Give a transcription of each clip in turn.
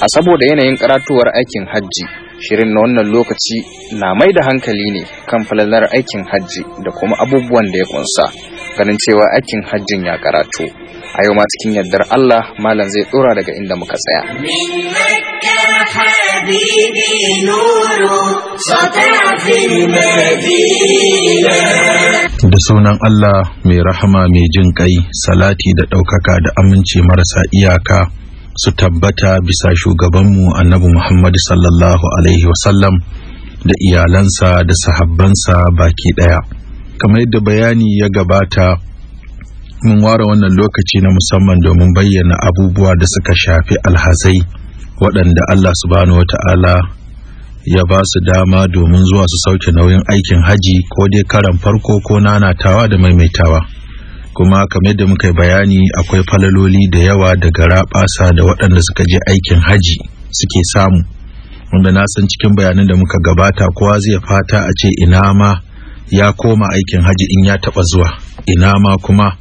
A saboda yanayin karatuwar aikin hajji, shirin na wannan lokaci na mai da hankali ne kan falalar aikin hajji da kuma abubuwan da ya kunsa, ganin cewa aikin hajjin ya karatu. A yau ma cikin yardar Allah, Malam zai tsora daga inda muka tsaya. da sunan Allah mai rahama mai jin kai salati da ɗaukaka da aminci marasa iyaka su tabbata bisa shugabanmu annabi Muhammad sallallahu alaihi wasallam da iyalansa da sahabbansa baki ɗaya kamar yadda bayani ya gabata mun ware wannan lokaci na musamman domin bayyana abubuwa da suka shafi alhazai waɗanda Allah subhanahu wata'ala ya ba su dama domin zuwa su sauke nauyin aikin haji ko dai karan farko ko nanatawa da maimaitawa kuma kamar yadda muka bayani akwai falaloli da yawa daga raɓasa da waɗanda suka je aikin haji suke samu wanda na san cikin bayanan da muka gabata kowa zai fata a ce ina ma ya koma aikin haji in ya taɓa zuwa ina ma kuma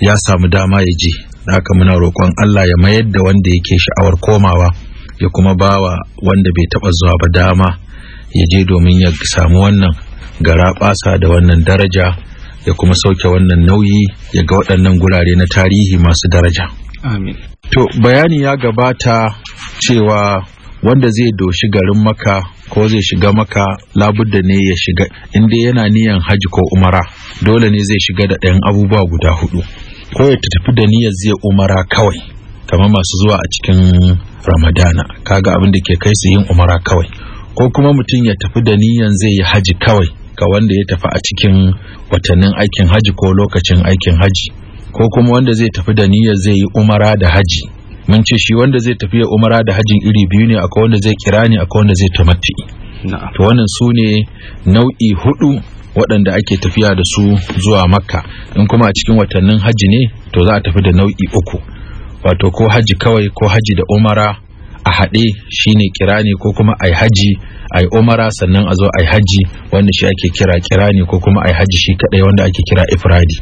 ya samu dama ya je haka muna roƙon Allah ya mayar da wanda yake sha'awar komawa ya kuma bawa wanda bai taba zuwa ba dama ya je domin ya samu wannan gara basa da wannan daraja ya kuma sauke wannan nauyi ya ga waɗannan gurare na tarihi masu daraja amin to bayani ya gabata cewa wanda zai doshi garin maka ko zai shiga maka labudda ne ya shiga inda yana niyan haji ko umara dole ne zai shiga da ɗayan abubuwa guda hudu ko ya tafi da niyyar zai umara kawai kamar masu zuwa a cikin ramadana kaga abin da ke kai su yin umara kawai ko kuma mutum ya tafi da niyan zai yi haji kawai ga wanda ya tafi a cikin watannin aikin haji ko lokacin aikin haji ko kuma wanda zai tafi da niyya zai yi umara da haji mun ce shi wanda zai tafi ya umara da hajin iri biyu ne akwai wanda zai kira ne akwai wanda zai tumatti to wannan su ne nau'i hudu waɗanda ake tafiya da su zuwa makka in kuma a cikin watannin haji ne to za a tafi da nau'i uku wato ko haji kawai ko haji da umara a haɗe shine kirani ko kuma ai haji ai umara sannan a zo ai haji wanda shi ake kira kirani ko kuma ai haji shi kadai wanda ake kira ifradi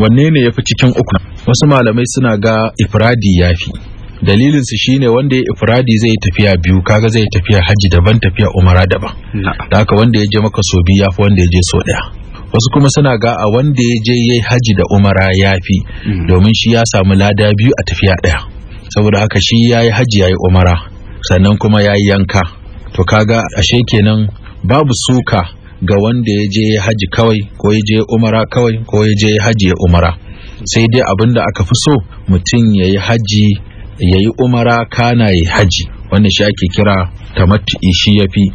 wanne ne ya fi cikin uku wasu malamai suna ga ifradi ya fi dalilin su shine wanda ya ifradi zai tafiya biyu kaga zai tafiya haji daban tafiya umara daban da haka wanda ya je maka so biyu yafi wanda ya je so daya wasu kuma suna ga a wanda ya je yayi haji da umara ya fi hmm. domin shi ya samu lada biyu a tafiya ɗaya saboda haka shi yayi haji yayi umara sannan kuma yayi yanka to kaga ashe kenan babu suka ga wanda ya je haji kawai ko ya je umara kawai ko ya je haji ya umara sai dai abinda aka fi so mutum ya yi haji ya yi umara kana yi haji Wanda shi ake kira tamattu'i shi yafi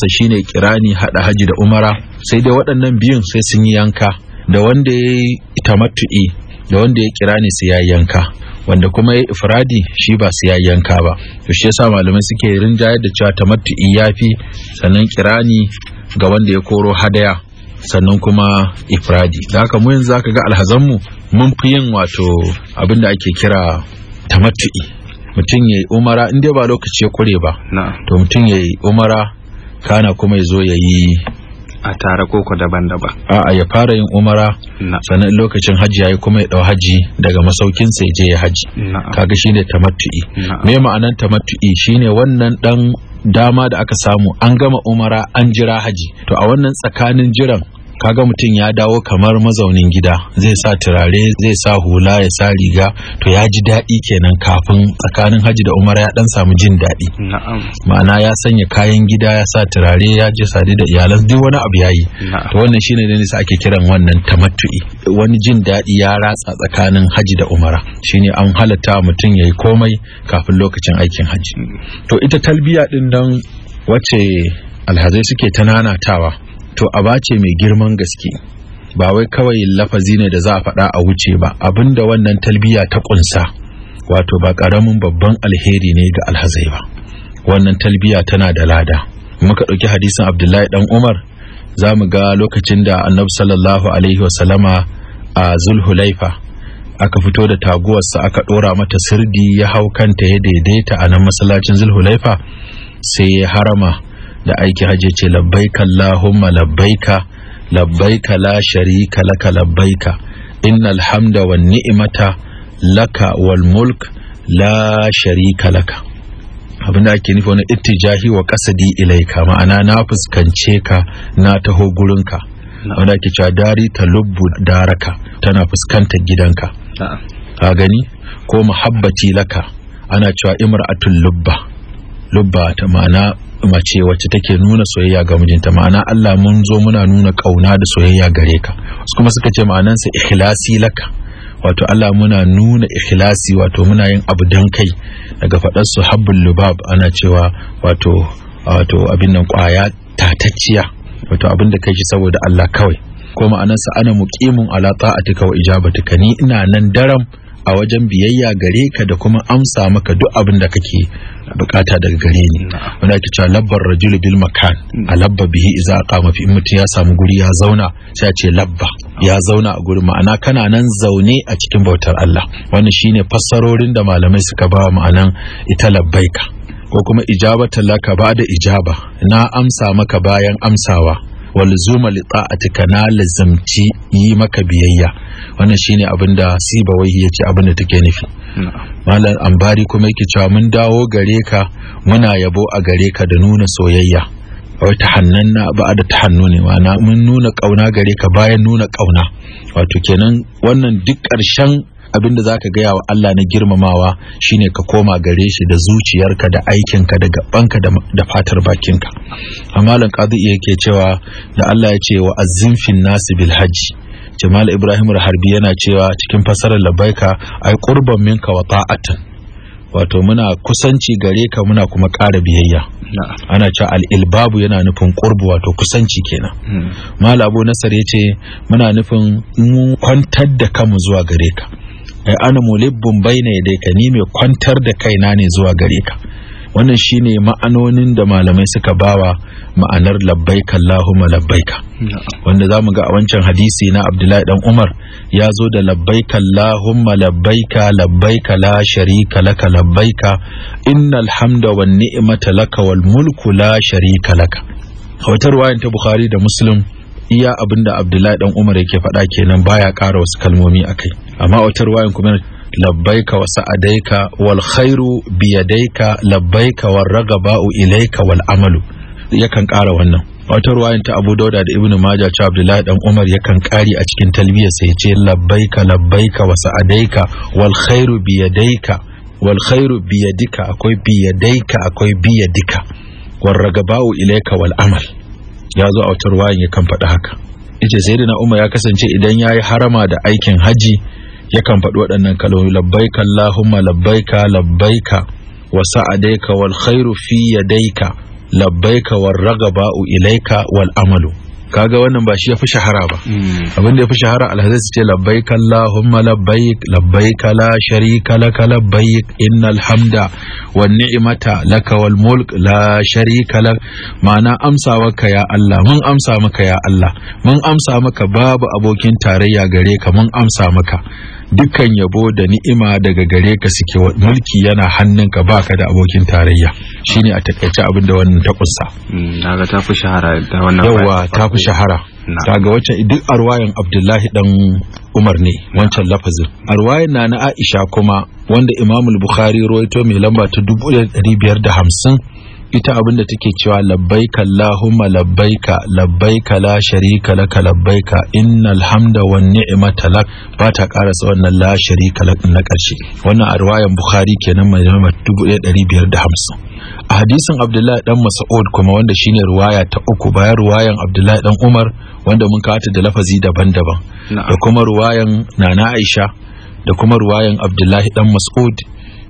sa shine kirani hada haji da umara sai dai waɗannan biyun sai sun yi yanka da wanda ya yi tamattu'i da wanda ya kirani su ya yanka wanda kuma ya ifradi shi ba su yanka ba to shi yasa malamai suke rinjayar da cewa tamattu'i fi sannan kirani ga wanda ya koro hadaya sannan kuma ifradi da haka mu yanzu zaka ga alhazanmu mun fi yin wato abin da ake kira tamattu'i mutum ya yi umara in dai ba lokaci ya kure ba to mutum ya yi umara kana kuma ya zo ya yi a tare koko daban-daban a'a ya fara yin umara sannan lokacin hajji yi kuma ya dau hajji daga masaukin sai je ya hajji kaga shi shine tamattu'i me ma'anan tamattu'i ne wannan dan dama da aka samu an gama umara an jira haji to a wannan tsakanin jiran kaga mutum ya dawo kamar mazaunin gida zai sa turare zai sa hula ya sa riga to ya ji daɗi kenan kafin tsakanin hajji da umara ya ɗan samu jin daɗi ma'ana ya sanya kayan gida ya sa turare ya je sadi da iyalan duk wani abu yayi to wannan shine ne nisa ake kiran wannan tamattu'i wani jin daɗi ya ratsa tsakanin hajji da umara shine an halatta mutum yayi komai kafin lokacin aikin hajji. Mm. to ita talbiya din nan wace alhazai suke ta nanatawa to aba ce mai girman gaske ba wai kawai lafazi ne da za a faɗa a wuce ba abinda wannan talbiya ta ƙunsa wato ba ƙaramin babban alheri ne ga alhazai ba wannan talbiya tana da lada muka ɗauki hadisin abdullahi dan umar za mu ga lokacin da annabi sallallahu alaihi wasallama a zulhulaifa aka fito da taguwarsa aka ɗora mata sirdi ya hau kanta ya daidaita a nan masallacin zulhulaifa sai ya harama da aiki hajji ce labbaika Allahumma labbaika labbaika la sharika laka labbaika innal hamda wan ni'mata laka wal mulk la sharika laka abin da ake nufi wani ittijahi wa kasadi ilaika ma'ana na fuskance ka na taho gurinka wanda ake cewa dari talubbu daraka tana fuskantar gidanka a gani ko muhabbati laka ana cewa imra'atul lubba lubba ta ma'ana mace wacce take nuna soyayya ga mijinta ma'ana Allah mun zo muna nuna kauna da soyayya gare ka su kuma suka ce ma'anansa ikhlasi laka wato Allah muna nuna ikhlasi wato muna yin abu dan kai daga faɗar su habbul lubab ana cewa wato wato abin nan kwaya tatacciya wato abin da kai shi saboda Allah kawai ko sa ana muqimun ala ta'atika wa ijabatika ni ina nan daram a wajen biyayya gare ka da kuma amsa maka duk abin da kake bukata daga gare ni wanda ake cewa labbar rajul bil makan a labba bihi idza aqama fi mutum ya samu guri ya zauna sai a ce labba ya zauna a gurin ma'ana kana nan zaune a cikin bautar Allah wannan shine fassarorin da malamai suka ba ma'anan ita labbaika ko kuma ijabatan laka ba da ijaba na amsa maka bayan amsawa Walzuma luzuma li na lazimci yi maka biyayya wannan shine abin da sibawai yace abin da take nufi malam ambari kuma yake cewa mun dawo gare ka muna yabo a gare ka da nuna soyayya Ta hannun na ba da ta hannu ne mun nuna kauna gare ka bayan nuna kauna wato kenan wannan duk ƙarshen abin da zaka gaya wa Allah na girmamawa shine ka koma gare shi da zuciyarka da aikinka da gabanka da fatar bakinka amma lan qadi yake cewa da Allah ya ce wa azzin nasi bil haji Jamal Ibrahim Harbi yana cewa cikin fasarar labaika ai qurban minka wa ta'atan wato muna kusanci gare ka muna kuma ƙara biyayya ana cewa al'ilbabu yana nufin ƙurbu wato kusanci kenan hmm. malabo nasar ya ce muna nufin mu kwantar da kanmu zuwa gare ka ana mulibbun baina ka ni mai kwantar da kaina ne zuwa gare ka wannan shine ma'anonin da malamai suka bawa ma'anar labbaika Allahumma labbaika wanda zamu ga a wancan hadisi na Abdullahi dan Umar ya zo da labbaika Allahumma labbaika labbaika la sharika laka labbaika innal hamda wan ni'mata laka wal mulku la sharika laka a wayan ta Bukhari da Muslim iya abinda Abdullahi dan Umar yake faɗa kenan baya ƙara wasu kalmomi akai amma wata ruwayan kuma labbaika wa sa'adaika wal khairu biyadaika labbaika war ragaba'u ilaika wal amalu yakan ƙara wannan wata ruwayan ta Abu Dauda da Ibn Majah ta Abdullahi dan Umar yakan ƙare a cikin talbiyar sai ce labbaika labbaika wa sa'adaika wal khairu biyadaika wal khairu biyadika akwai biyadaika akwai biyadika war ragaba'u ilaika wal amal ya zo a wata ruwayan yakan faɗi haka yace sayyidina Umar ya kasance idan yayi harama da aikin haji yakan faɗi waɗannan kalmomi labbaika Allahumma labbaika labbaika wa sa'adaika wal khairu fi yadaika labbaika war ba'u ilaika wal amalu kaga wannan ba shi ya fi shahara ba abin da ya fi shahara alhazai su ce labbaik allahumma labbaik labbaik la kala laka labbaik innal hamda wan ni'mata laka wal mulk la shari kala ma'ana amsawa ka ya Allah mun amsa maka ya Allah mun amsa maka babu abokin tarayya gare ka mun amsa maka dukkan yabo da ni'ima daga gare ka suke mulki yana hannunka ba ka da abokin tarayya shine a takaice abin da wannan ta kusa. daga hmm, ta fi shahara da wannan yawa ta fi shahara daga wacce duk arwayan abdullahi dan umar ne wancan lafazin arwayan na na aisha kuma wanda imamul bukhari ruwaito mai lamba ta 1550 ita abin abinda take cewa labbaika Allahumma labbaika labbaika la sharika laka labbaika innal hamda wan ni'mata lak ba ta karasa wannan la sharika lak na karshe wannan a riwayan Bukhari kenan mai da 1550 a hadisin Abdullahi dan Mas'ud kuma wanda shine riwaya ta uku bayan riwayan Abdullahi dan Umar wanda mun kawata da lafazi daban-daban da kuma riwayan Nana Aisha da kuma riwayan Abdullahi dan Mas'ud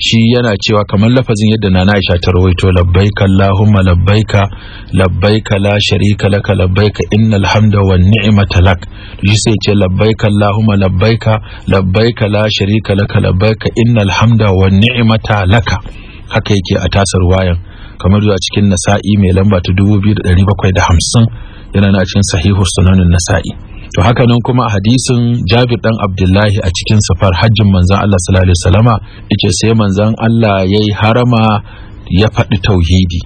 shi yana cewa kamar lafazin yadda nana Aisha ta rawaito labbaika Allahumma labbaika labbaika la sharika laka labbaika innal hamda wan ni'mata lak shi sai ce labbaika Allahumma labbaika labbaika la sharika laka labbaika innal hamda wan ni'mata laka haka yake a tasar wayan kamar zuwa cikin nasa'i mai lamba ta 2750 yana na cikin sahihu sunanin nasa'i to haka nan kuma hadisin Jabir dan Abdullahi a cikin safar hajjin manzon Allah sallallahu alaihi wasallama yace sai manzon Allah yayi harama ya faɗi tauhidi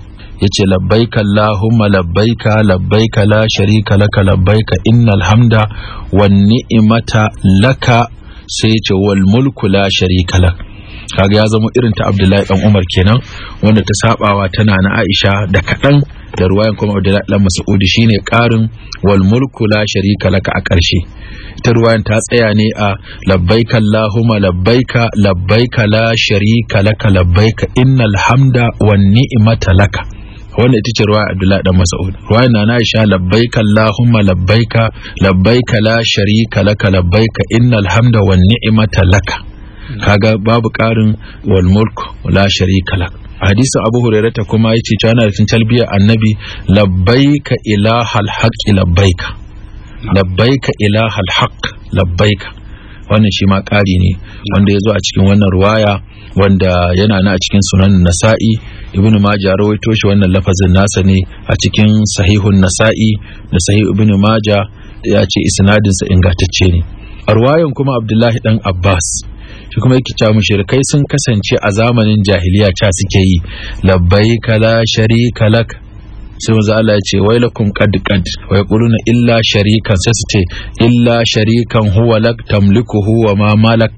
yace labbaika Allahumma labbaika labbaika la sharika laka labbaika innal hamda wan ni'mata laka sai yace wal mulku la sharika lak kaga ya zama irin ta Abdullahi dan Umar kenan wanda ta sabawa tana na Aisha da kadan da ruwayan kuma Abdullahi dan Mas'udi shine karin wal mulku la sharika laka a karshe Ita ruwayan ta tsaya ne a labbaika Allahumma labbaika labbaika la sharika laka labbaika innal hamda wan ni'mata laka wanda ita ce ruwaya Abdullahi dan Mas'ud ruwayan na Aisha labbaika Allahumma labbaika labbaika la sharika laka labbaika innal hamda wan ni'mata laka kaga babu karin wal mulku la sharika laka hadisin abu hurairata kuma ya ce yana cikin talbiyar annabi labbaika ila halhaƙi labbaika labbaika ila halhaƙ labbaika wannan shi ma ƙari ne wanda ya zo a cikin wannan ruwaya wanda yana na a cikin sunan nasa'i ibnu maja rawaito shi wannan lafazin nasa ne a cikin sahihun nasa'i da sahih ibnu maja ya ce isnadinsa ingantacce ne a ruwayan kuma abdullahi dan abbas shi kuma yake cewa mushrikai sun kasance a zamanin jahiliya ta suke yi labbaika la sharika lak sai wanzu Allah ya ce wailakum kad kad wai kuluna illa sharikan sai su ce illa sharikan huwa lak tamliku huwa ma malak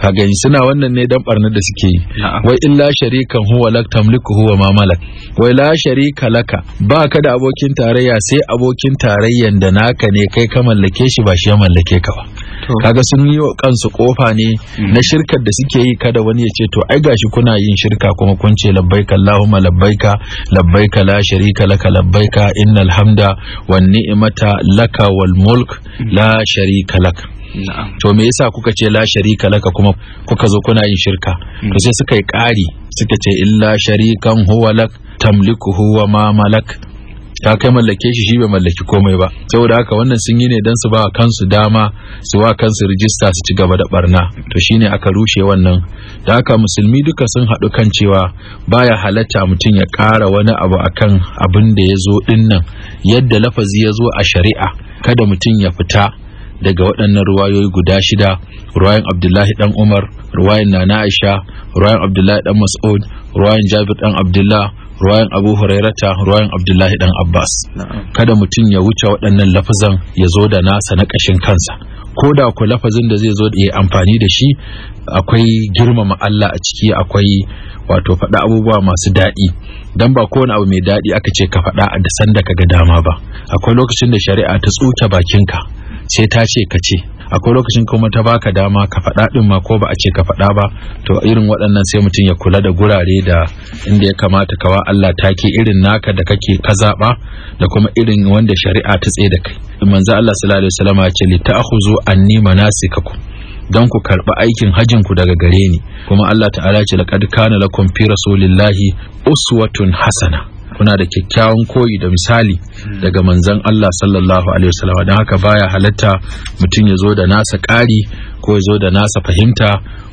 ka gani suna wannan ne dan barnar da suke yi wai illa sharikan huwa lak tamliku huwa ma malak wai la sharika laka ba ka da abokin tarayya sai abokin tarayyan da naka ne kai ka mallake shi ba shi ya mallake ka ba kaga sun yi kansu kofa ne mm. na shirkar da suke yi kada wani ya ce to ai gashi kuna yin shirka kuma kun ce labbaika allahumma labbaika labbaika la sharika laka labbaika innal hamda wan ni'mata laka wal mulk mm. la sharika laka to me yasa kuka ce la sharika laka kuma kuka zo kuna yin shirka mm. to sai suka yi kari suka ce illa sharikan huwa lak tamliku huwa ma malak Ta kai mallake shi shi bai mallaki komai ba saboda haka wannan sun yi ne dan su ba kansu dama su wa kansu rijista su ci gaba da barna to shine aka rushe wannan da haka musulmi duka sun haɗu kan cewa baya halatta mutum ya ƙara wani abu akan abin da ya zo dinnan yadda lafazi ya zo a shari'a kada mutum ya fita daga waɗannan ruwayoyi guda shida ruwayan abdullahi dan umar ruwayan nana aisha ruwayan abdullahi dan mas'ud ruwayan jabir dan abdullah ruwayan abu hurairata ruwayan abdullahi dan abbas kada mutum ya wuce waɗannan lafazan ya zo da nasa na ƙashin kansa ko da ku lafazin da zai zo da amfani da shi akwai girmama Allah a ciki akwai wato faɗa abubuwa masu daɗi dan ba kowane abu mai daɗi aka ce ka faɗa a da sanda ka ga dama ba akwai lokacin da shari'a ta tsuke bakinka sai ta ce ka ce akwai lokacin kuma ta baka dama ka faɗa ɗin ma ko ba a ce ka faɗa ba to irin waɗannan sai mutum ya kula da gurare da inda ya kamata kawa Allah take irin naka da kake ka zaba da kuma irin wanda shari'a ta tsaye da kai manzo Allah sallallahu alaihi wasallam ya ce li ta'khuzu anni manasikakum don ku karɓi aikin hajjin ku daga gare ni kuma Allah ta'ala ce laqad kana lakum fi rasulillahi uswatun hasana kuna da kyakkyawan koyi da misali daga manzon Allah sallallahu alaihi wasallam dan haka baya halatta mutum ya zo da nasa ƙari ko ya zo da nasa fahimta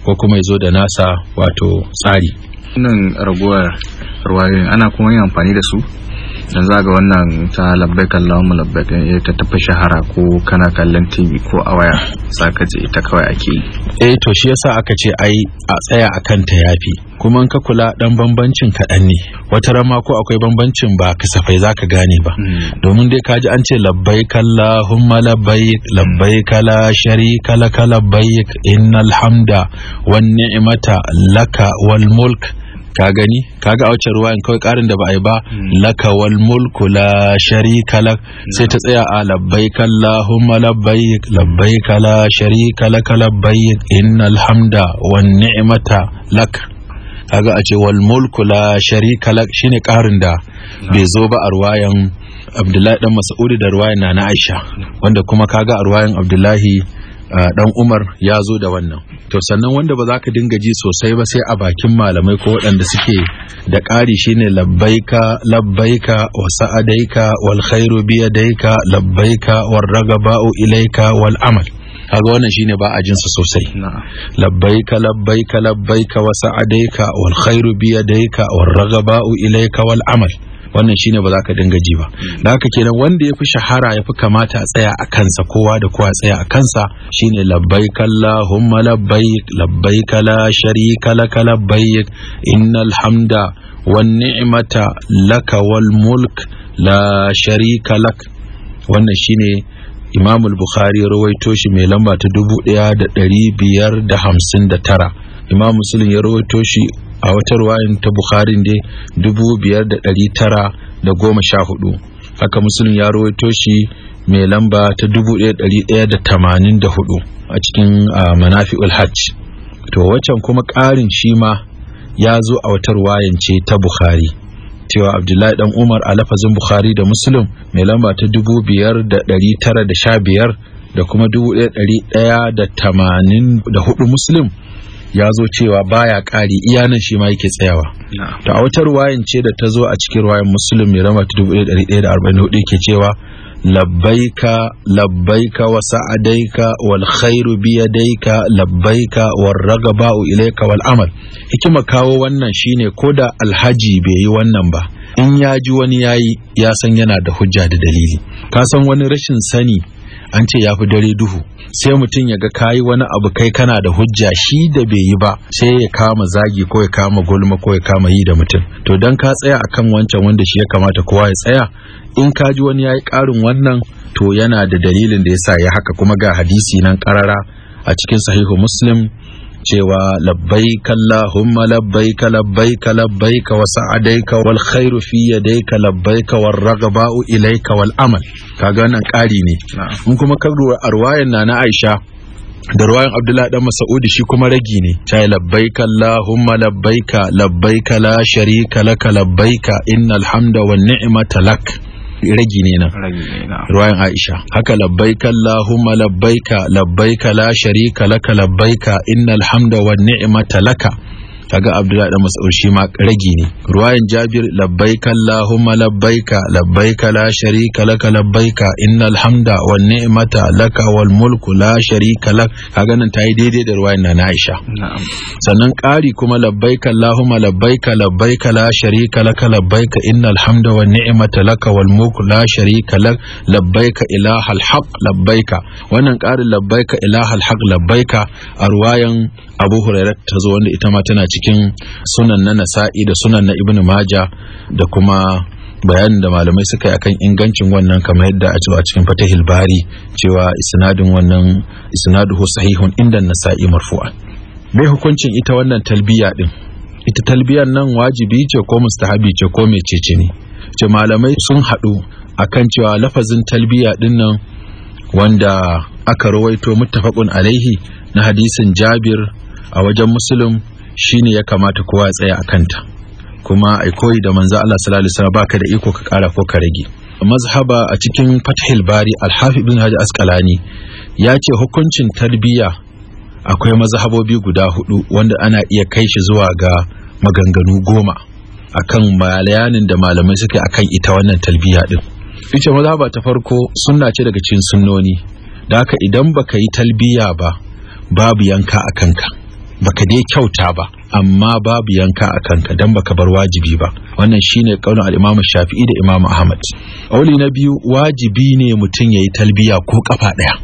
ko kuma ya zo da nasa wato tsari nan raguwar ruwayoyin ana kuma yin amfani da su dan wannan ta labbaik Allahumma labbaik eh ta tafi shahara ko kana kallon TV ko a waya saka ce ita kawai ake yi eh to shi yasa aka ce ai a tsaya akan ta yafi kuma ka kula dan bambancin kaɗan ne wata rama ko akwai bambancin ba kasafai zaka gane ba hmm. domin dai kaji an ce labbai labbaik labbai labbai kala shari kala kala labbai innal hamda wan ni'mata laka wal mulk ka gani kaga a wacce ruwayan kawai karin da ba a yi ba hmm. laka wal mulku la sharika lak hmm. sai ta tsaya a labbaik allahumma labbaik labbaik la sharika lak labbaik innal hamda wan ni'mata lak kaga a ce wal mulku la sharika lak shine karin da hmm. bai zo ba a ruwayan Abdullahi dan Mas'udi da ruwayan na Aisha wanda kuma kaga a ruwayan Abdullahi Ah, dan umar ya zo da wannan to sannan wanda ba za ka dinga ji sosai ba sai a bakin malamai ko waɗanda suke da ƙari shine labbaika labbaika wa sa'adaika wal khairu yadaika labbaika war ragaba'u ilaika wal amal kaga wannan shine ba a jinsa sosai labbaika labbaika labbaika wa sa'adaika wal khairu yadaika war ragaba'u ilaika wal amal wannan shine ba za ka dinga ji ba hmm. da haka kenan wanda ya fi shahara ya fi kamata a tsaya a kansa kowa da kowa tsaya a kansa shine labbaik allahumma labbaik labbaik la sharika laka labbaik innal hamda wan ni'mata laka wal mulk la sharika lak wannan shine Imam Bukhari rawaito shi mai lamba ta 1559 Imam Muslim ya rawaito shi a wata ruwayin ta bukharin dai dubu biyar da ɗari tara da goma sha hudu haka musulun ya rawaito shi mai lamba ta dubu ɗaya ɗari ɗaya da tamanin da hudu a cikin manafi'ul hajj to waccan kuma ƙarin shi ma ya zo a wata ruwayan ce ta bukhari cewa abdullahi dan umar a lafazin bukhari da muslim mai lamba ta dubu biyar da ɗari tara da sha biyar da kuma dubu ɗaya ɗari ɗaya da tamanin da hudu muslim ya zo cewa baya ƙari iya nan shi ma yake tsayawa to a wata ruwayan ce da ta zo a cikin ruwayan muslim mai rama 1144 ke cewa labbaika labbaika wa sa'adaika wal khairu bi yadaika labbaika war ragaba ilaika wal amal hikima kawo wannan shine koda alhaji bai yi wannan ba in ya ji wani ya yi ya san yana da hujja da dalili ka san wani rashin sani an ce ya fi dare duhu sai mutum ya ga kayi wani abu kai kana da hujja shi da bai yi ba sai ya kama zagi ko ya kama gulma ko ya kama yi da mutum to dan ka tsaya akan wancan wanda shi ya kamata kowa ya tsaya in ka ji wani ya yi karin wannan to yana da dalilin da ya sa ya haka kuma ga hadisi nan karara a cikin sahihu muslim cewa labbai Allahumma labbaika labbaika labbaika wa sa'adaika wal khairu fi labbai ka war ragaba'u ilaika wal amal kaga wannan ƙari ne in kuma ka arwayan na na Aisha da ruwayan Abdullahi dan Mas'udi shi kuma ragi ne ta labbai ka labbai ka la sharika laka ka innal hamda wa ni'mata lak ragi ne nan ruwayan aisha haka labbaika allahumma labbaika labbaika la sharika laka labbaika innal hamda wan ni'mata laka kaga abdullahi dan mas'ud shi ma ragi ne ruwayan jabir labbaika allahumma labbaika labbaika la sharika laka labbaika innal hamda wan ni'mata laka wal mulku la sharika lak kaga nan tayi daidai da ruwayan na Aisha sannan ƙari kuma labbaika allahumma labbaika labbaika la sharika laka labbaika innal hamda wan ni'mata laka wal mulku la sharika lak labbaika ilahal haq labbaika wannan ƙarin labbaika ilahal haq labbaika a ruwayan abu huraira ta zo wanda ita ma tana cikin sunan na nasa'i da sunan na Ibn maja da kuma bayanin da malamai suka yi akan ingancin wannan kamar yadda a cewa cikin fatahil bari cewa isnadin wannan isnaduhu sahihun inda nasa'i marfu'an me hukuncin ita wannan talbiya din ita talbiyan nan wajibi ce ko mustahabi ce ko mecece ne ce malamai sun haɗu akan cewa lafazin talbiya din nan wanda aka rawaito muttafaqun alaihi na hadisin Jabir a wajen musulun ne ya kamata kowa ya tsaya a kanta kuma ai koyi da manzo Allah sallallahu alaihi wasallam baka da iko ka kara ko ka rage mazhaba a cikin fathil bari alhafi bin hajji askalani ya ce hukuncin tarbiyya akwai mazhabobi guda hudu wanda ana iya kai shi zuwa ga maganganu goma akan malayanin da malamai suka akan ita wannan talbiya din ita mazhaba ta farko sunna ce daga cikin sunnoni da haka idan baka yi talbiya ba babu yanka a kanka baka dai kyauta ba amma babu yanka a kanka dan baka bar wajibi ba wannan shine kaulin al-Imam Shafi'i da Imam Ahmad auli na biyu wajibi ne mutum yayi talbiya ko kafa ɗaya.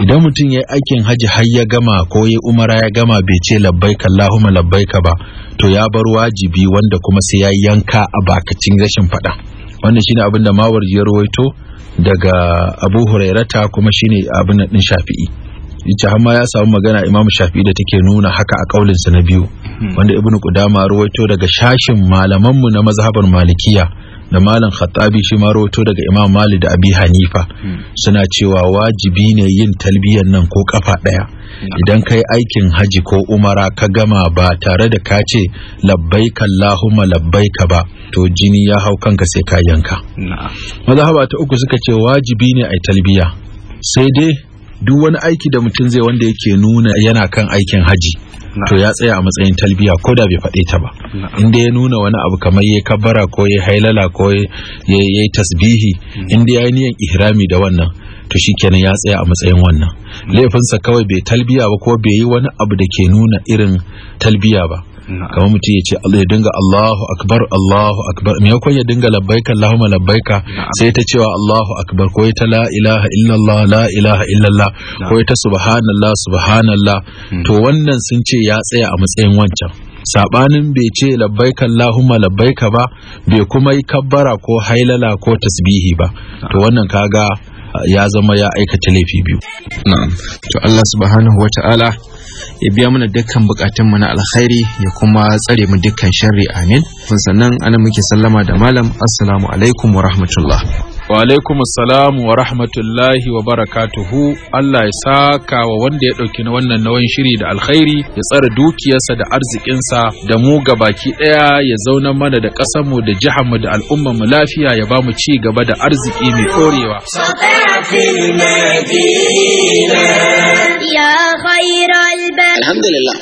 idan mutum ya yi aikin haji har ya gama ko yayi umara ya gama bai ce labbaika Allahumma labbaika ba to ya bar wajibi wanda kuma sai ya yanka a bakacin rashin faɗa. wannan shine abin da Mawar ya rawaito daga Abu Hurairata kuma shine abin din Shafi'i har amma ya samu magana Imam Shafi da take nuna haka a kaulin sa na biyu hmm. wanda Ibn Qudama rawaito daga shashin malaman na mazhabar Malikiya da Malam Khattabi shi ma rawaito daga Imam Malik da Abi Hanifa hmm. suna cewa wajibi ne yin talbiyan nan ko kafa daya hmm. idan kai aikin haji ko umara ka gama ba tare da ka ce labbaik Allahumma labbaika ba to jini ya hau kanka sai ka yanka mazhaba ta uku suka ce wajibi ne ai talbiya sai dai duk wani aiki da mutum zai wanda yake nuna yana kan aikin haji to ya tsaya a matsayin talbiya ko da bai faɗe ta ba inda ya nuna wani abu kamar ya kabbara ko ya hailala ko ya yi tasbihi mm. inda ya yi niyan ihrami da wannan to shikenan ya tsaya a matsayin wannan laifinsa kawai bai talbiya ba ko bai yi wani abu da ke nuna irin talbiya ba kamar mutum ya ce Allah ya dinga Allahu akbar Allahu akbar me yakon ya dinga labbaika Allahumma labbaika sai ta cewa Allahu akbar ko ta la ilaha illallah la ilaha illallah ko ta subhanallah subhanallah hmm. to wannan sun ce ya tsaya a matsayin wancan sabanin bai ce labbaika Allahumma labbaika ba bai kuma yi kabbara ko hailala ko tasbihi ba to wannan kaga ya zama ya aikata laifi biyu na'am to Allah subhanahu wata'ala ya biya mana dukkan bukatun mu na alkhairi ya kuma tsare mu dukkan sharri amin sannan ana muke sallama da malam assalamu alaikum wa rahmatullah wa alaikum assalam wa rahmatullahi wa barakatuhu Allah ya saka wa wanda ya dauki na wannan nawan shiri da alkhairi ya tsara dukiyarsa da arzikinsa da mu gabaki ɗaya ya zauna mana da kasar da jihar mu da al'ummar mu lafiya ya ba mu ci gaba da arziki mai korewa في المدينة يا خير البلد الحمد لله